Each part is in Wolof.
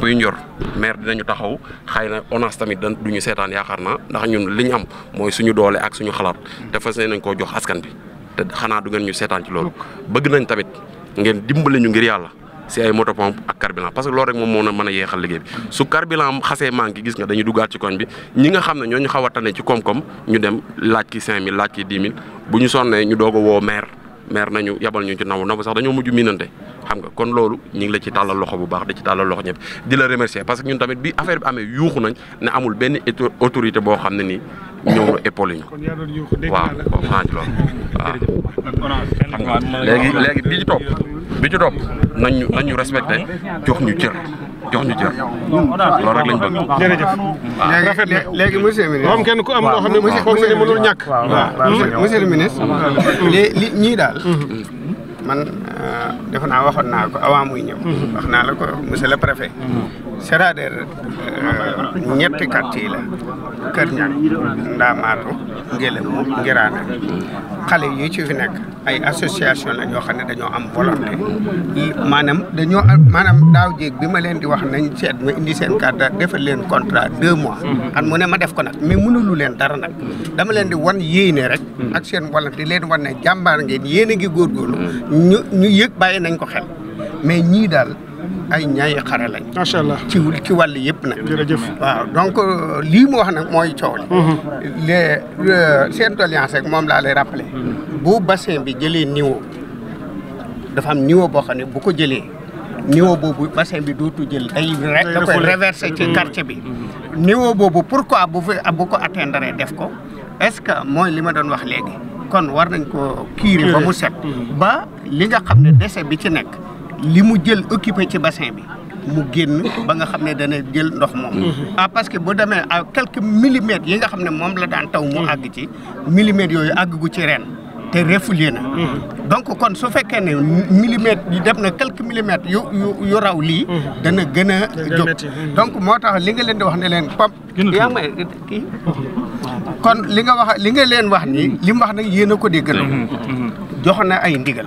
buy njor maire dinañu taxaw xëy na ONAS tamit dan du ñu seetaan yaakaar na ndax ñun li ñu am mooy suñu doolee ak suñu xalaat te fas nañ koo jox askan bi te xanaa du ñu seetaan ci loolu bëgg nañ tamit ngeen dimbali ñu ngir yàlla si ay moto pompe ak carburant parce moo na mën a yeexal liggéey bi su gis nga dañuy duggaat ci koñ bi ñi nga xam ne ñooñu xaw a tane ci koom-koom ñu dem laaj ki 5000 laaj ki 10 000 bu ñu sonnee ñu doog woo maire maire nañu yabal ñu ci naw naw sax dañoo mujj miinante xam nga kon loolu ñu ngi la ci tàllal loxo bu baax di ci tàllal loxo ñëpp di la remercier parce que ñun tamit bi affaire bi amee yuuxu nañ ne amul benn autorité boo xam ne nii ñëw na épaule ñu waaw maa ngi loolu waaw xam nga léegi léegi bi ci topp bi ci topp nañ ñu nañ ñu respecté jox ñu cër jox ñu cër loolu rek lañ bëgg. jërëjëf rafet na léegi monsieur le ministre. moom nga ne mënul ñàkk. ministre. ñii daal. Mm-hmm. man euh, defe naa waxoon naa ko avant muy ñëw. Mhm. wax naa la ko monsieur le préfet. Mhm. c'est-à-dire euh, ñetti quartier la Kër Niang Ndaamaatu Ngélémou Ngiraane xale yi ci fi nekk. ay association la ñoo xam ne dañoo am volonté maanaam dañoo maanaam daaw jéeg bi ma leen di wax nañ seet ma indi seen carte defal leen contrat deux mois mm-hmm. at mu ma def ko nag mais mënulu leen dara nag mm-hmm. dama leen di wan yéene rek mm-hmm. ak seen di leen wan ne jàmbaar ngeen yéen a ngi góorgóorlu ñu ñu yëg bàyyi nañ ko xel mais ñii daal ay ñaay xare lañ. macha allah ci ci wàll yëpp nag. jërëjëf waaw donc lii mu wax nag mooy coow li. les seen doléance rek moom laa le rappelé. bu bassin bi jëlee niveau dafa am boo xam ne bu ko jëlee niveau boobu bassin bi dootu jël day da koy reversé ci quartier bi niveau boobu pourquoi bu fi bu ko atteindre def ko est-ce que mooy li ma doon wax léegi kon war nañ ko kiire ba mu set ba li nga xam ne déchet bi ci nekk li mu jël occupé ci bassin bi mu génn ba nga xam ne dana jël ndox moom ah parce que bu demee a quelques millimètres yi nga xam ne moom la daan taw mu àgg ci millimètres yooyu àgg gu ci ren te refoulé na. donc kon su fekkee ne millimètres yi dem na quelques millimètres yu yu yu raw lii. dana gën a jóg donc moo tax li nga leen di wax ne leen pop. yaa may kii kon li nga wax li nga leen wax nii li mu wax nag yéen a ko dégg gëna mhm. jox na ay ndigal.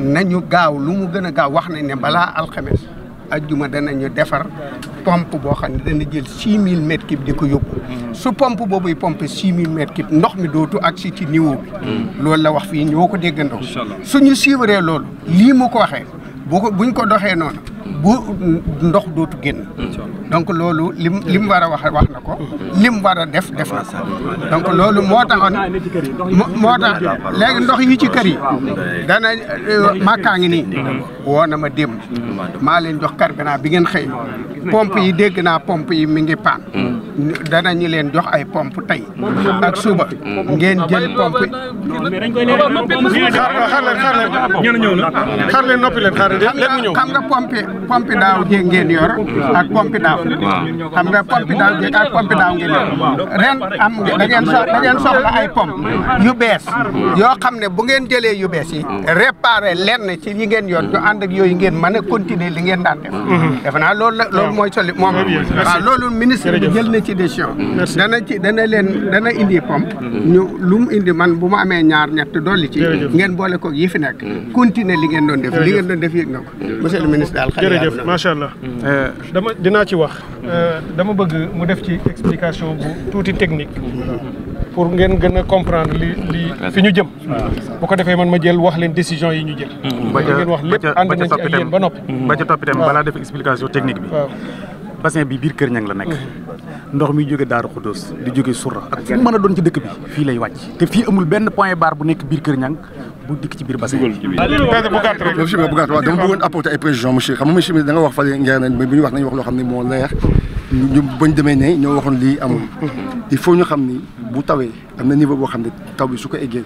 nañu gaaw lu mu gën a gaaw wax nañ ne balaa alxames. juma ajjuma ñu defar pompe boo xam ne dana jël six mille mètres cubes di ko yóbbu mm. su pompe boobuy pompe six mille mètres cubes ndox mi ak si ci niveau bi mm. loolu la wax fii ñoo ko déggandoo suñu siiwaree loolu lii mu ko waxee bu ko buñ ko doxee noonu bu ndox dootu génn donc loolu lim li mu war a wax wax na ko li mu war a def def donc loolu moo taxoon moo tax léegi ndox yi ci kër yi dana euh, màkkaa ngi nii mm-hmm. woo na ma démb maa leen jox carburant bi ngeen xëy pompe yi dégg naa pomp yi mi ngi paan danañu leen jox ay pomp tey ak suba ngeen jël pompe xaar leen noppi leen xaar leen xam nga pompe pompe daaw jéeg ngeen yor ak pompe daaw xam ak pompe daaw yu bees yoo xam ne bu ngeen jëlee yu bees yi réparé lenn ci yi ngeen yor ñu ànd ànd ak yooyu ngeen mën a continuer li ngeen daan def mm-hmm. Mm-hmm. defe naa loolu la loolu mooy soli moom waaw loolu ministre bi jël na ci décision mm-hmm. dana dana leen dana indi pompe ñu lu indi man bu ma amee ñaar ñett dolli ci ngeen boole ko yi fi nekk continuer li ngeen doon def li ngeen doon def yëg na ko monsieur ministre daal euh, dama dinaa ci wax euh, dama bëgg mu def ci explication bu tuuti technique pour ngeen gën a comprendre li fi ñu jëm bu ko defee man ma jël wax leen décision yi ñu jël mm-hmm. ngeen wax lépp ànd nañ ci ak ba noppi mm-hmm. ba ca biir kër ñang la nekk mm-hmm. ndox mi jóge Daaru Xudóos di jóge Surra ak fu mën a doon ci dëkk bi fii lay wàcc te fii amul benn point barre bu nekk biir kër ñang bu dikk ci biir bassin bu gàtt dama bëggoon apporter ay précisions monsieur xam nga monsieur mi da nga wax fale ngeer nañ bu ñu wax nañu wax loo xam ne moo leer ñu bañ demee ne ñoo waxoon lii amul il faut ñu bu tawee am na niveau boo xam ne taw bi su ko eggee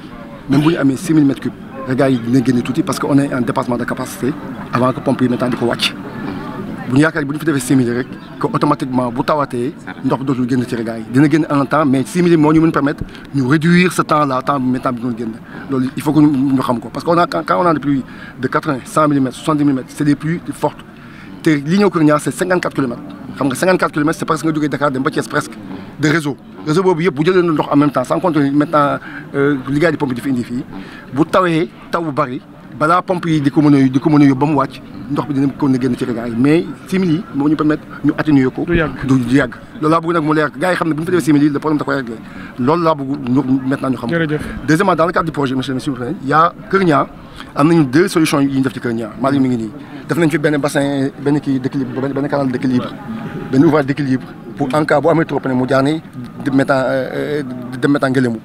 même bu ñu amee six mille mètres cubes regaay dina génne tuuti parce que on est en dépassement de capacité avant que pompe yi ko wàcc bu ñu yaakaar bu ñu fi defee six rek que automatiquement bu tawaatee ndox bi dootul génn ci regaay dina génn en temps mais six mille moo ñu mën permettre ñu réduire ce temps là temps maintenant bi doon génn il faut que ñu xam ko parce que on a de quatre-vingts te li ñëw de réseau réseau boobu yëpp bu jëlee na ndox en même temps sans compter maintenant euh, liggéey di pompe di fi indi fii bu tawee taw bu bari balaa pompe yi di ko mën a di ko mën a yóbbu ba mu wàcc ndox bi ko na génn ci regard yi mais simili yi moo ñu permettre ñu atténuer ko du yàgg loolu laa bëgg nag mu leer xam ne bu ñu fa simili le problème da koy réglé loolu laa bëgg ñu maintenant xam deuxièmement dans le cadre du projet monsieur monsieur y a Kër Niang am ñu def ci Kër ngi mi ngi nii def nañ fi benn bassin pour en cas boo amee trop ne mu jaar ni euh, euh, dem mettant dem mettant ngelamu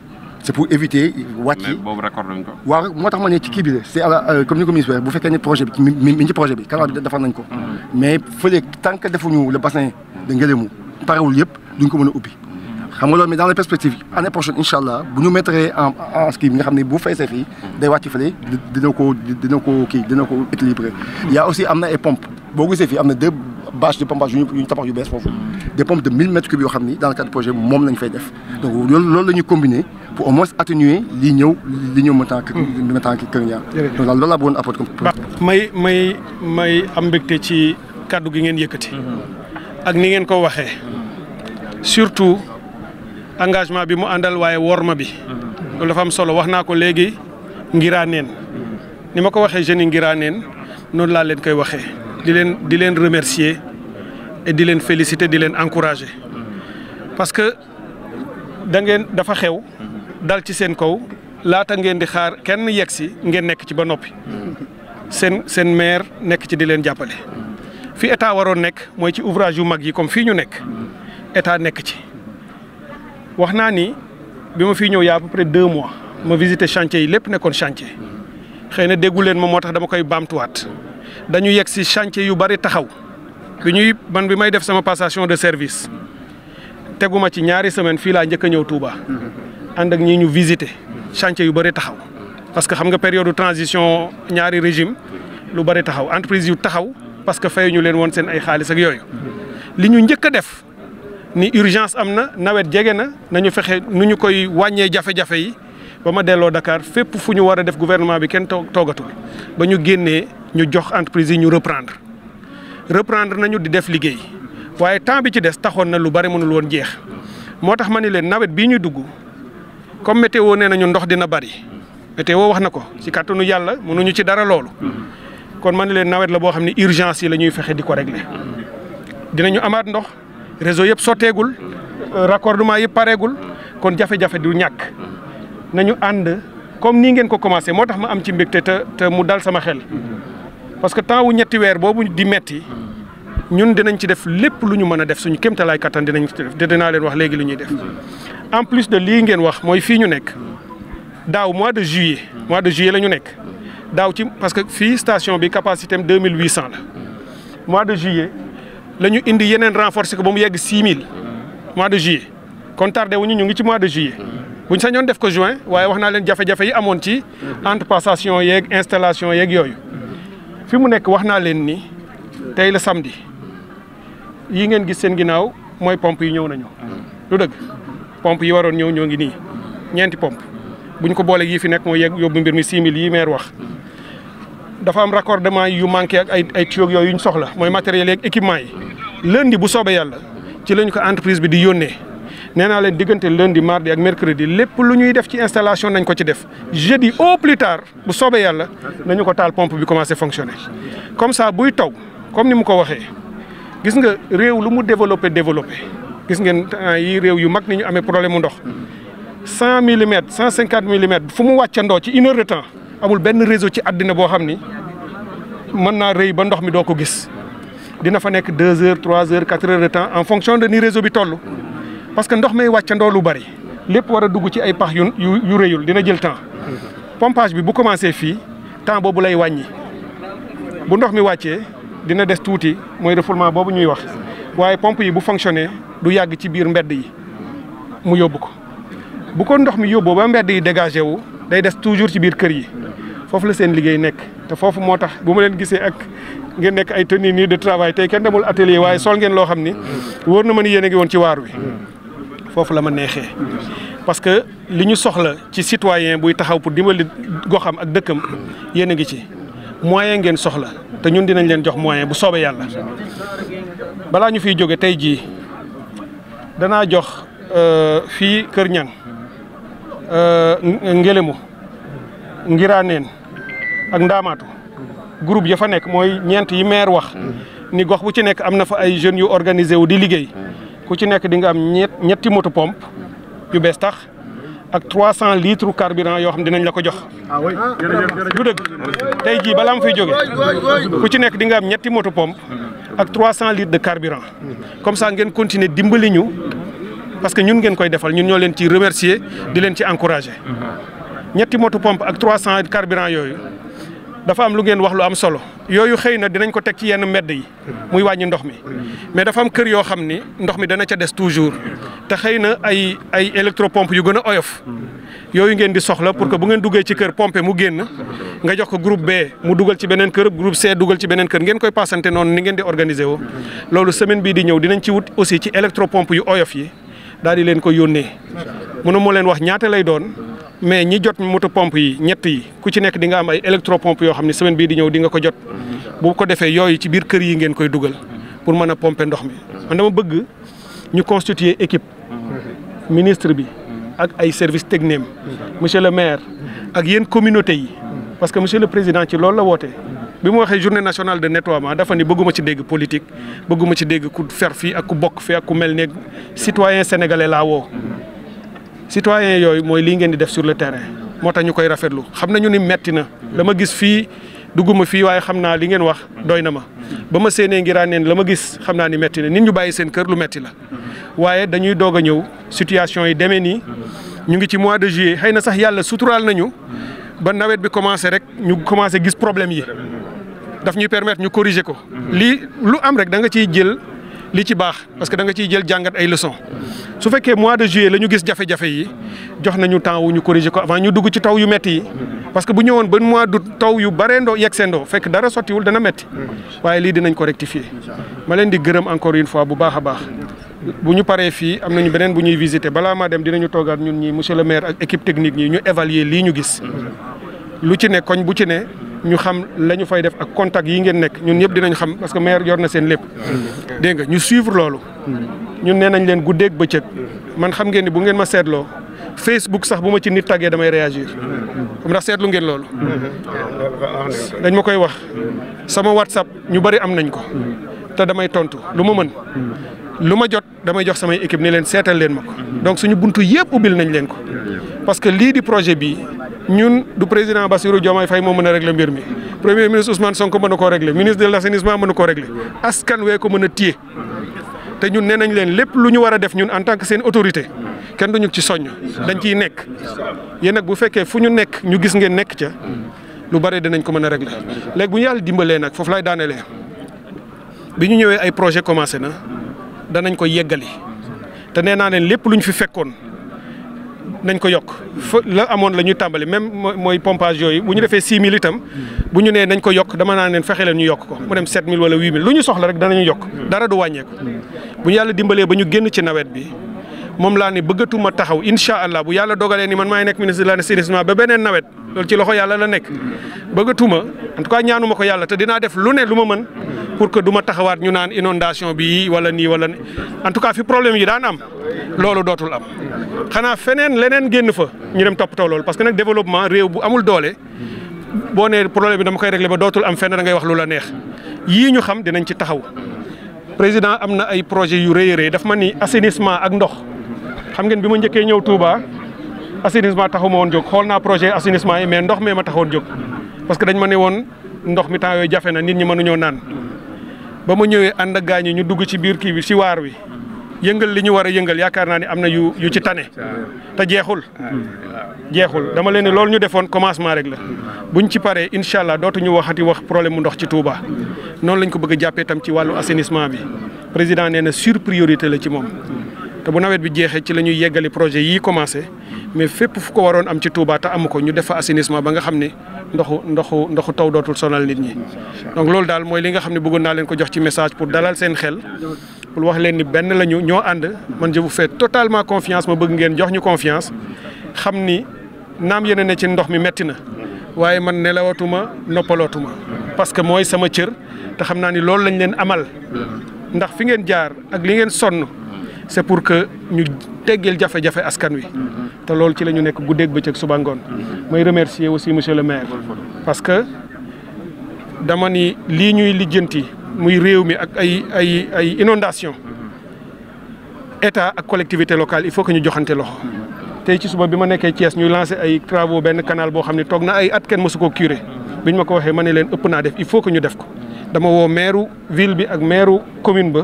c' est pour éviter wàcc yi ko. waaw moo tax ma ne ci bi la c' est à la euh, comme bu fekkee ne projet bi mi mi ci projet bi canal bi defar nañ ko. Mm-hmm. mais fële tant que le bassin de ngelamu parewul yëpp duñ ko mën a ubbi. xam mais dans les perspectives année prochaine incha allah bu ñu mettre en en nga xam ne bu feesee fii day wàcc fële dina ko dina ko équilibré. y' aussi am na ay pompes boo gisee fii am na deux. bâche de pompage yu ñu tabax yu bees foofu des pompes de 1000 mètres cubes yoo xam ni dans le cadre du projet moom lañ fay def donc loolu loolu la pour au moins atténuer li ñëw li ñëw maintenant hmm. maintenant Kër Niang donc daal loolu laa bëggoon apporter comme may may may am mbégte ci kàddu gi ngeen yëkkati hmm. ak ni ngeen ko waxee surtout engagement bi mu àndal waaye worma bi hmm. loolu dafa am solo wax naa ko léegi ngiraa neen ni ma ko waxee jeunes yi ngiraa neen noonu laa leen koy waxee di leen di leen remercier et di leen féliciter di leen encourager parce que da ngeen dafa xew dal ci seen kaw laata ngeen di xaar kenn yegg si ngeen nekk ci ba noppi seen seen maire nekk ci di leen jàppale fi état waroon nekk mooy ci ouvrage yu mag yi comme fii ñu nekk état nekk ci wax naa ni bi ma fii ñëw yaa a à deux mois ma visité chantier yi lépp nekkoon chantier xëy na déggu leen ma moo tax dama koy baamtuwaat dañu yegg si chantier yu bari taxaw bi ñuy man bi may def sama passation de service teguma ci ñaari semaine fii laa njëkk a ñëw Touba ànd ak ñii ñu visiter chantier yu bari taxaw parce que xam nga période transition ñaari régime lu bari taxaw entreprise yu taxaw parce que fayuñu leen woon seen ay xaalis ak yooyu li ñu njëkk a def ni urgence am na nawet jege na nañu fexe nu ñu koy wàññee jafe-jafe yi. ba ma delloo dakaar fépp fu ñu war a def gouvernement bi kenn toogatul ba ñu génnee ñu jox entreprise yi ñu reprendre reprendre nañu di def liggéey waaye temps bi ci des taxoon na lu bari mënul woon jeex moo tax ma ni leen nawet bii ñu dugg comme météo nee nañu ndox dina bari météo wax na ko ci kàttanu yàlla mënuñu ci dara loolu kon ma ni leen nawet la boo xam ne urgence yi la ñuy fexe di ko régler dinañu amaat ndox réseau yëpp sotteegul raccordement yëpp pareegul kon jafe du ñàkk. nañu ànd comme nii ngeen ko commencé moo tax ma am ci mbégte te te mu dal sama xel parce que temps wu ñetti weer boobu di metti ñun dinañ ci def lépp lu ñu mën a def suñu kéemtalaay kattan dinañ ci def dinaa leen wax léegi lu ñuy def en plus de lii ngeen wax mooy fii ñu nekk daaw mois de juillet mois de juillet la ñu nekk daaw ci parce que fii station bi capacité am deux mille huit cent la mois de juillet la ñu indi yeneen renforcer ko ba mu yegg six mille mois de juillet kon tardé wuñu ñu ngi ci mois de juillet. bu buñ sañoon def ko juin waaye wax naa leen jafe-jafe yi amoon ci entre passation yeeg installation yeeg yooyu fi mu nekk wax naa leen ni tey la samedi yi ngeen gis seen ginnaaw mooy pompe yi ñëw nañu. lu dëgg pompe yi waroon ñëw ñoo ngi nii ñeenti pompe buñ ko boole yi fi nekk mooy yegg yóbbu mbir mi six mille yi maire wax. dafa am raccordement yu manqué ak ay ay tuyaux yooyu ñu soxla mooy matériel yeeg équipement yi lundi bu soobee yàlla ci lañ ko entreprise bi di yónnee. nee naa leen diggante lundi mardi ak mercredi lépp lu ñuy def ci installation nañ ko ci def jeudi au plus tard bu soobee yàlla nañu ko taal pompe bi commencé fonctionner. comme ça buy taw comme ni mu ko waxee gis nga réew lu mu développé développé gis nga yi réew yu mag ni ñu amee problème mu ndox cent millimètres cent cinquante millimètres fu mu wàccandoo ci une heure de temps amul benn réseau ci àddina boo xam ni mën naa rëy ba ndox mi doo ko gis. dina fa nekk deux heures trois heures quatre heures de en fonction ni réseau bi toll parce que ndox may wàccandoo lu bari lépp war a dugg ci ay pax yu yu rëyul dina jël temps pompage bi bu commencé fii temps boobu lay wàññi bu ndox mi wàccee dina des tuuti mooy refoulement boobu ñuy wax waaye pompe yi bu fonctionné du yàgg ci biir mbedd yi mu yóbbu ko bu ko ndox mi yóbboo ba mbedd yi dégagé wu day des toujours ci biir kër yi foofu la seen liggéey nekk te foofu moo tax bu ma leen gisee ak ngeen nekk ay tenue nii de travail tey kenn demul waaye sol ngeen loo xam ni wóor na ma yéen a ngi ci waar wi foofu la ma neexee parce que li ñu soxla ci citoyen buy taxaw pour dimbali goxam ak dëkkam yéen a ngi ci moyen ngeen soxla te ñun dinañ leen jox moyen bu soobee yàlla balaa ñu fiy jóge tey jii danaa jox euh, fii Kër Ñang euh, Ngelemu Ngiraaneen ak Ndaamaatu groupe ya fa nekk mooy ñeent yi maire wax ni gox bu ci nekk am na fa ay jeunes yu organisé wu di liggéey ku ci nekk di nga am ñetti moto pompe yu bees tax ak 300 litres carburant yoo xam dinañ la ko jox. Ah du dëgg tey jii balaa mu fiy jóge ku ci nekk di nga am ñetti moto pompe ak 300 litres de carburant comme ça ngeen continuer dimbali ñu parce que ñun ngeen koy defal ñun ñoo leen ci remercier di leen ci encourager mm-hmm. ñetti moto pompe ak 300 carburant yooyu. dafa am lu ngeen wax lu am solo yooyu xëy na dinañ ko teg ci yenn mbedd yi muy wàññi ndox mi mais dafa am kër yoo xam ni ndox mi dana ca des toujours te xëy na ay ay électropompe yu gën a oyof yooyu ngeen di soxla pour que bu ngeen duggee ci kër pompe mu génn nga jox ko groupe B mu dugal ci beneen kër groupe C dugal ci beneen kër ngeen koy passante noonu ni ngeen di organiser woo loolu semaine bii di ñëw dinañ ci wut aussi ci électropompe yu oyof yi daal di leen ko yónnee mënu moo leen wax ñaata lay doon mais ñi jot moto pompe yi ñett yi ku ci nekk di nga am ay électropompe yoo xam ne semaine bi di ñëw di ko jot bu ko defee yooyu ci biir kër yi ngeen koy dugal pour mën a pomper ndox mi man dama bëgg ñu constituer équipe ministre bi ak ay service technique monsieur le maire ak yéen communauté yi parce que monsieur le président ci loolu la woote bi mu waxee journée nationale de nettoiement dafa ni bëgguma ci dégg politique bëgguma ci dégg ku fer fii ak ku bokk fii ak ku mel ne citoyen sénégalais laa woo citoyen yooyu mooy lii ngeen di def sur le terrain moo tax ñu koy rafetlu xam nañu ni metti na la ma gis fii dugguma fii waaye xam naa li ngeen wax doy na ma ba ma séenee ngiraa neen la ma gis xam naa ni metti na nit ñu bàyyi seen kër lu metti la waaye dañuy doog a ñëw situation yi demee nii ñu ngi ci mois de juillet xëy na sax yàlla suturaal nañu ba nawet bi commencé rek ñu commencé gis problème yi daf ñuy permettre ñu corriger ko. lii lu am rek da nga ciy jël li ci baax parce que da nga ciy jël jàngat ay leçons su fekkee mois de juillet la ñu gis jafe-jafe yi jox nañu temps wu ñu corriger ko avant ñu dugg ci taw yu métti yi. parce que bu ñëwoon ba mois d'août taw yu baree ndoo yegg seen ndoo fekk dara sottiwul dana métti waaye lii dinañ ko rectifier ma leen di gërëm encore une fois bu baax a baax. bu ñu paree fii am nañu beneen bu ñuy visiter balaa maa dem dinañu toogaat ñun ñi monsieur le maire ak équipe technique ñi ñu évaluer lii ñu gis lu ci ne koñ bu ci ne ñu xam la ñu fay def ak contact yi ngeen nekk ñun ñëpp dinañ xam parce que maire yor na lépp dégg nga ñu suivre loolu ñun nee nañ leen guddeeg bëccëg man xam ngeen ni bu ngeen ma seetloo Facebook sax bu ma ci nit tàggee damay réagir comme seetlu ngeen loolu dañ ma koy wax sama WhatsApp ñu bari am nañ ko te damay tontu lu ma mën lu ma jot damay jox samay équipe ni leen seetal leen ma ko donc suñu bunt yëpp ubbil nañ leen ko parce que lii di projet bii ñun du président ba Bassirou Diomaye Faye moo mën a régler mbir mi premier ministre Ousmane Sonko mën na koo régler ministre de l'assainissement mën na koo régler askan wee ko mën a téye te ñun nee nañ leen lépp lu ñu war a def ñun en tant que seen autorité kenn duñu ci soññ dañ ciy nekk yéen nag bu fekkee fu ñu nekk ñu gis ngeen nekk ca lu bare dinañ ko mën a régler léegi bu dimbalee nag foofu laay daanelee bi ñu ñëwee ay projet commencé na danañ ko yeggali te nee naa leen lépp lu ñu fi fekkoon nañ ko yokk fa la amoon la ñuy tàmbali même mooy pompage yooyu bu ñu defee 6 000 itam bu ñu nee nañ ko yokk dama naa leen fexe leen ñu yokk ko mu dem 7 000 wala 8 000 lu ñu soxla rek danañu yokk dara du wàññeeku bu ñu yàlla dimbalee ba ñu génn ci nawet bi. moom laa ne bëggatuma taxaw incha allah bu yàlla dogalee ni man maay nekk ministre de l'assainissement ba beneen nawet loolu ci loxo yàlla la nekk. bëggatuma en tout cas ñaanuma ko yàlla te dinaa def lu ne lu ma man pour que duma taxawaat ñu naan inondation bi wala nii wala en tout cas fi problème yi daan am loolu dootul am xanaa feneen leneen génn fa ñu dem toppatoo loolu parce que nag développement réew bu amul doole. boo nee problème bi dama koy régler ba dootul am fenn da ngay wax lu neex yii ñu xam dinañ ci taxaw président am na ay projet yu rëy a rëy daf ma ni assainissement ak ndox. xam ngeen bi ma njëkkee ñëw Touba assainissement taxu ma woon jóg xool naa projet assainissement yi mais ndox mee ma taxoon jóg parce que dañ ma ne woon ndox mi temps yooyu jafe na nit ñi mënuñoo naan ba ma ñëwee ànd ak yi ñu dugg ci biir kii bi ci waar wi yëngal li ñu war a yëngal yaakaar naa ni am na yu yu ci tane te jeexul jeexul dama leen ne loolu ñu defoon commencement rek la buñ ci paree incha allah dootuñu waxati wax problème mu ndox ci Touba noonu lañ ko bëgg a jàppee tam ci wàllu assainissement bi président nee na sur priorité la ci moom te bu nawet bi jeexee ci la ñuy yeggali projet yii commencé mais fépp fu ko waroon am ci Touba te amu ko ñu defa fa assainissement ba nga xam ne ndoxu ndoxu ndoxu taw dootul sonal nit ñi. donc loolu daal mooy li nga xam ne bëggoon naa leen ko jox ci message pour dalal seen xel pour wax leen ni benn la ñu ñoo ànd man je vous fais totalement confiance ma bëgg ngeen jox ñu confiance xam ni naam yeneen a ci ndox mi metti na waaye man nelawatuma noppalootuma parce que mooy sama cër te xam naa ni loolu lañ leen amal ndax fi ngeen jaar ak li ngeen sonn. c'est pour que ñu teggeel jafe-jafe askan wi te loolu ci la ñu nekk guddeeg bëccëg suba ngoon mooy remercier aussi monsieur le maire parce que dama ni lii ñuy lijjanti muy réew mi ak ay ay ay inondation état ak collectivité locale il faut que ñu joxante loxo tey ci suba bi ma nekkee Thiès ñu lancé ay travaux benn canal boo xam ne toog na ay at kenn mësu ko curé bi ñu ma ko waxee ma ne leen ëpp naa def il faut que ñu def ko dama woo maire ville bi ak maire commune ba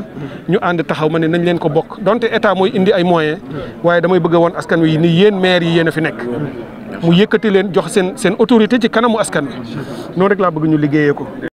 ñu ànd taxaw ma ne nañ leen ko bokk donte état mooy indi ay moyens waaye damay bëgg woon askan wi ni yéen maire yi yéen a fi nekk mu yëkkati leen jox seen seen autorité ci kanamu askan wi noonu rek laa bëgg ñu liggéeyee ko